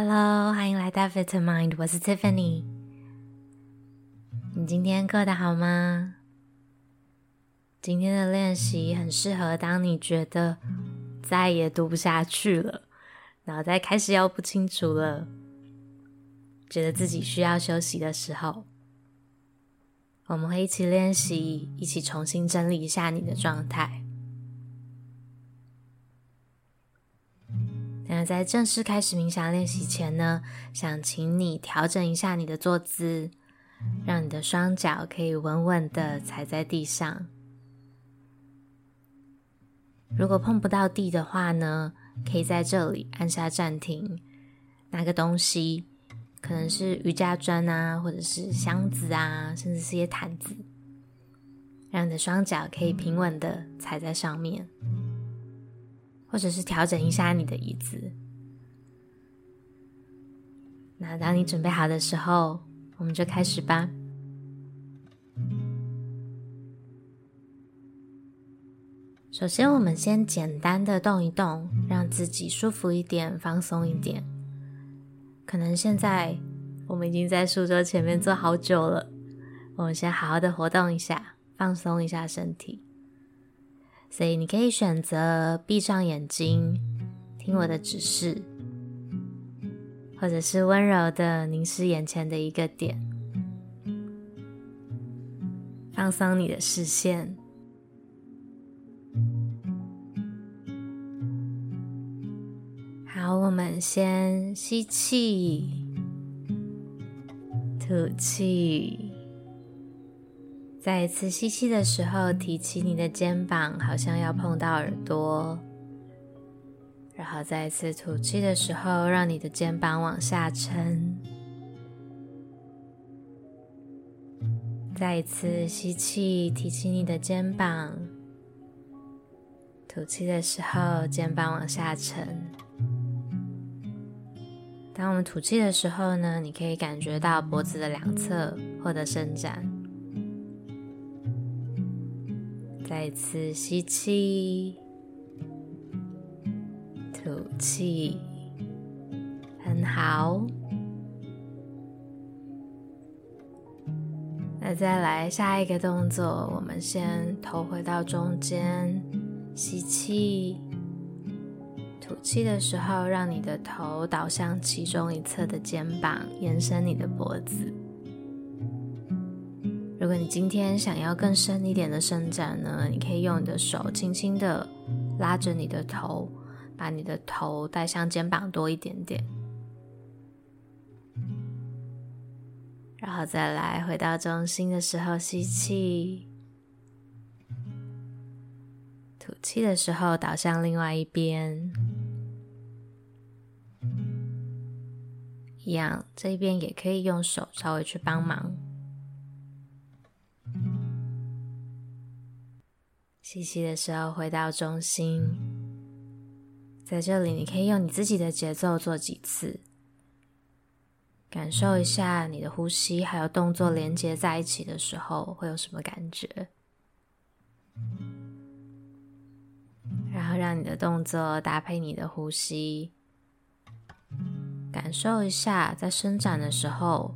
Hello，歡迎來到 Vitamind，我是 Tiffany。你今天過得好嗎？今天的練習很適合當你覺得再也讀不下去了，腦袋開始又不清楚了，覺得自己需要休息的時候，我們會一起練習，一起重新整理一下你的狀態。那在正式開始冥想練習前呢，想請你調整一下你的坐姿，讓你的雙腳可以穩穩的踩在地上。如果碰不到地的話呢，可以在這裡按下暫停，拿個東西，可能是瑜伽磚啊，或者是箱子啊，甚至是些毯子，讓你的雙腳可以平穩的踩在上面。或者是調整一下你的椅子。那當你準備好的時候，我們就開始吧。首先，我們先簡單的動一動，讓自己舒服一點、放鬆一點。可能現在我們已經在書桌前面坐好久了，我們先好好的活動一下，放鬆一下身體。所以你可以選擇閉上眼睛，聽我的指示，或者是溫柔的凝視眼前的一個點，放鬆你的視線。好，我們先吸氣，吐氣。再一次吸氣的時候，提起你的肩膀，好像要碰到耳朵，然後再一次吐氣的時候，讓你的肩膀往下沉。再一次吸氣，提起你的肩膀，吐氣的時候，肩膀往下沉。當我們吐氣的時候呢，你可以感覺到脖子的兩側獲得伸展。再次吸氣，吐氣，很好。那再來下一個動作，我們先頭回到中間，吸氣，吐氣的時候，讓你的頭倒向其中一側的肩膀，延伸你的脖子。如果你今天想要更深一點的伸展呢，你可以用你的手輕輕的拉着你的頭，把你的頭帶向肩膀多一點點，然後再來回到中心的時候吸氣，吐氣的時候倒向另外一邊，一樣這邊也可以用手稍微去幫忙。吸氣的時候回到中心，在這裡你可以用你自己的節奏做幾次，感受一下你的呼吸還有動作連接在一起的時候會有什麼感覺。然後讓你的動作搭配你的呼吸，感受一下在伸展的時候，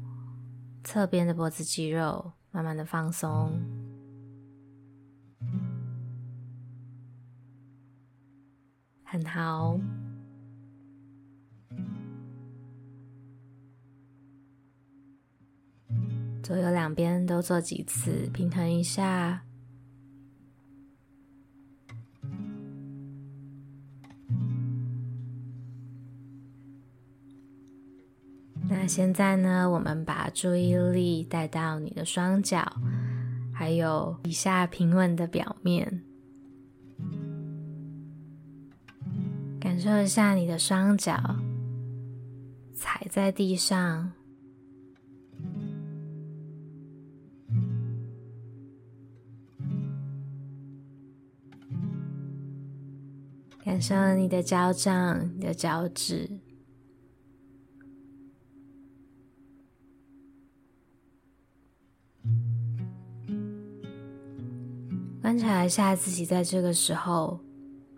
側邊的脖子肌肉慢慢的放鬆。很好，左右兩邊都做幾次，平衡一下。那現在呢，我們把注意力帶到你的雙腳，還有底下平穩的表面。感受一下你的雙腳踩在地上，感受你的腳掌、你的腳趾，觀察一下自己在這個時候。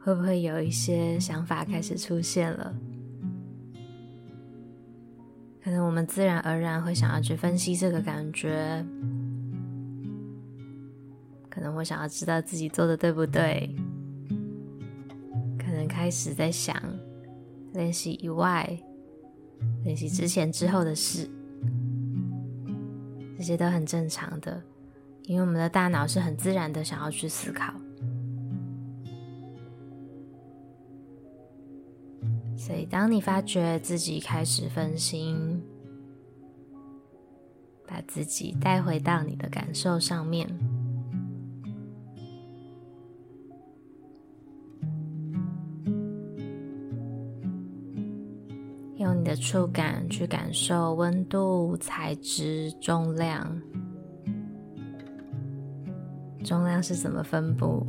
會不會有一些想法開始出現了？可能我們自然而然會想要去分析這個感覺，可能我想要知道自己做的對不對，可能開始在想練習以外、練習之前之後的事，這些都很正常的，因為我們的大腦是很自然的想要去思考。所以，當你發覺自己開始分心，把自己帶回到你的感受上面，用你的觸感去感受溫度、材質、重量，重量是怎麼分佈？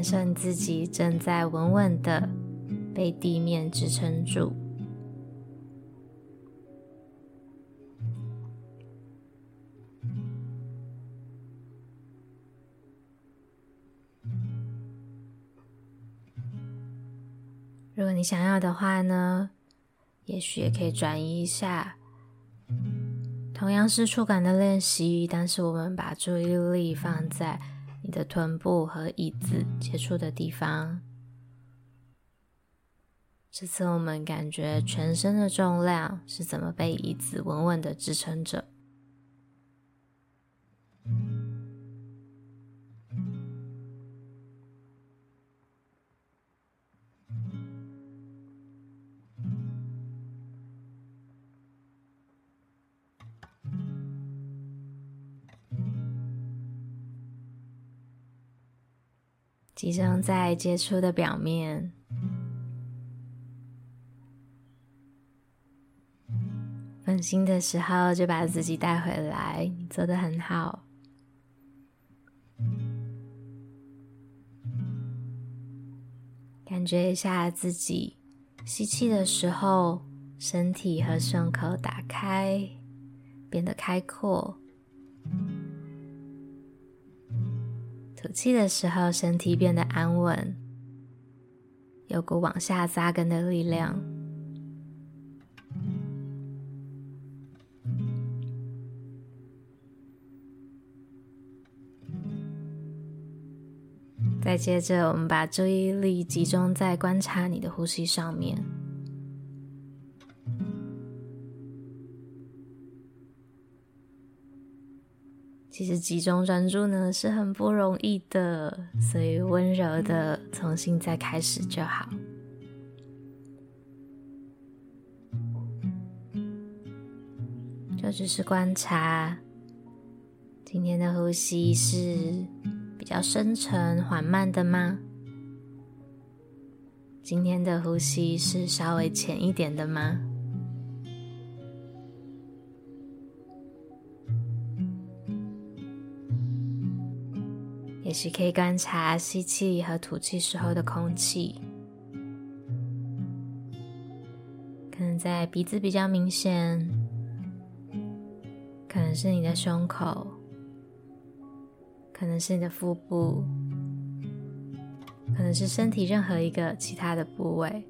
感受你自己正在穩穩的被地面支撐住。如果你想要的話呢，也許也可以轉移一下，同樣是觸感的練習，但是我們把注意力放在，你的臀部和椅子接觸的地方，這次我們感覺全身的重量是怎麼被椅子穩穩的支撐着。集中在接觸的表面，分心的時候就把自己帶回來。你做得很好，感覺一下自己吸氣的時候，身體和胸口打開，變得開闊。吐氣的時候，身體變得安穩，有股往下扎根的力量。再接着，我們把注意力集中在觀察你的呼吸上面。其實集中專注呢，是很不容易的，所以溫柔的重新再開始就好。就只是觀察，今天的呼吸是比較深沉緩慢的嗎？今天的呼吸是稍微淺一點的嗎？也是可以觀察吸氣和吐氣時候的空氣，可能在鼻子比較明顯，可能是你的胸口，可能是你的腹部，可能是身體任何一個其他的部位。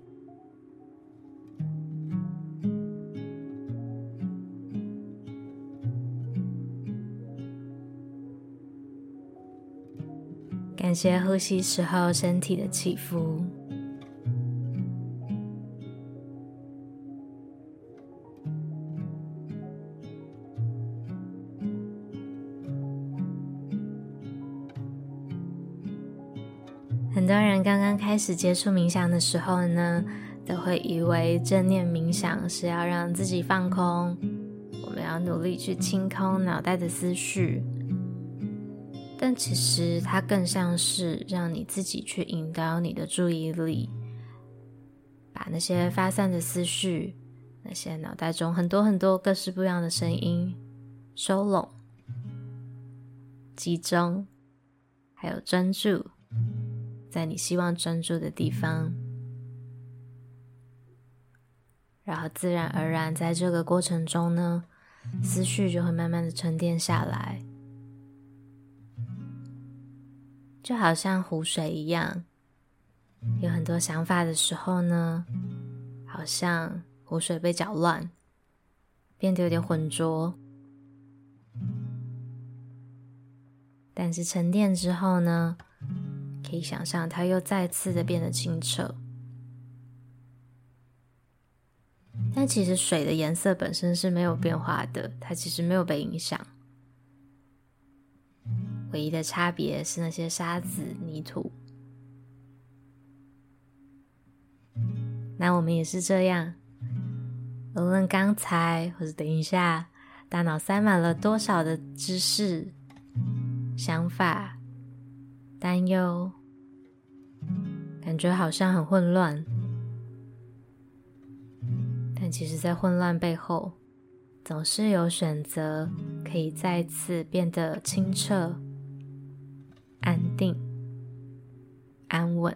感謝呼吸時候身體的起伏，很多人剛剛開始接觸冥想的時候呢，都會以為正念冥想是要讓自己放空，我們要努力去清空腦袋的思緒。但其實它更像是讓你自己去引導你的注意力，把那些發散的思緒、那些腦袋中很多很多各式不一樣的聲音收攏、集中，還有專注在你希望專注的地方，然後自然而然在這個過程中呢，思緒就會慢慢的沉澱下來。就好像湖水一樣，有很多想法的時候呢，好像湖水被攪亂，變得有點渾濁。但是沉澱之後呢，可以想象它又再次的變得清澈。但其實水的顏色本身是沒有變化的，它其實沒有被影響。唯一的差別是那些沙子、泥土。那我們也是這樣，無論剛才或是等一下，大腦塞滿了多少的知識、想法、擔憂，感覺好像很混亂。但其實在混亂背後，總是有選擇可以再一次變得清澈。定安穩，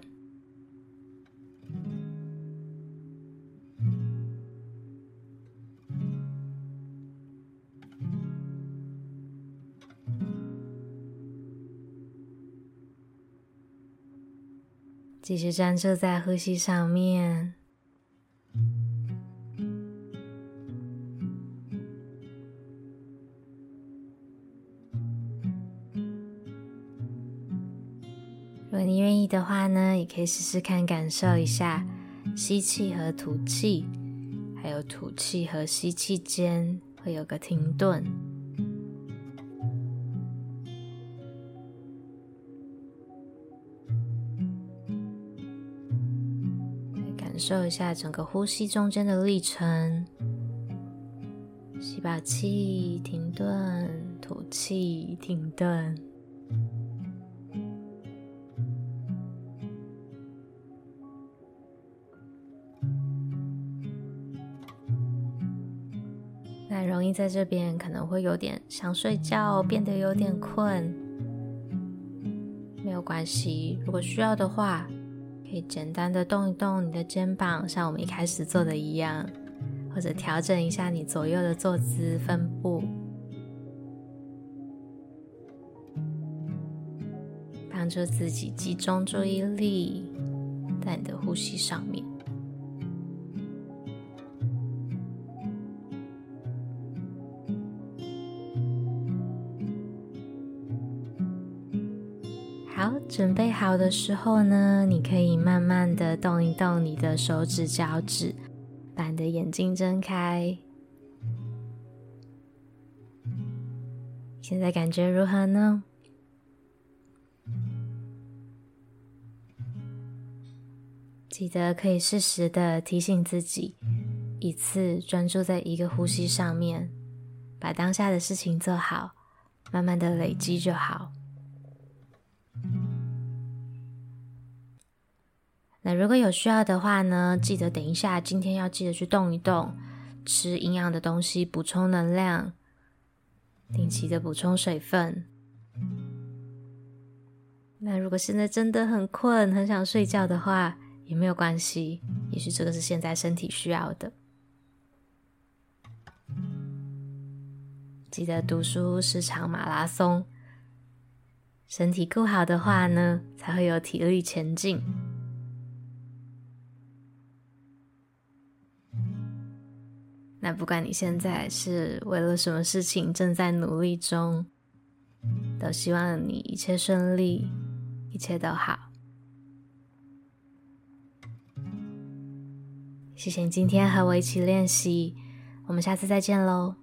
繼續專注在呼吸上面。如果你願意的話呢，也可以試試看感受一下吸氣和吐氣，還有吐氣和吸氣間會有個停頓。感受一下整個呼吸中間的歷程：吸飽氣、停頓、吐氣、停頓。在這邊可能會有點想睡覺，變得有點困，沒有關係。如果需要的話，可以簡單的動一動你的肩膀，像我們一開始做的一樣，或者調整一下你左右的坐姿分布，幫助自己集中注意力在你的呼吸上面。準備好的時候呢，你可以慢慢的動一動你的手指、腳趾，把你的眼睛睜開。現在感覺如何呢？記得可以適時的提醒自己，一次專注在一個呼吸上面，把當下的事情做好，慢慢的累積就好。那如果有需要的話呢，記得等一下，今天要記得去動一動，吃營養的東西，補充能量，定期的補充水分。那如果現在真的很困，很想睡覺的話，也沒有關係，也許這個是現在身體需要的。記得讀書是場馬拉松，身體夠好的話呢，才會有體力前進。那不管你現在是為了什麼事情正在努力中，都希望你一切順利，一切都好。謝謝你今天和我一起練習，我們下次再見嘍。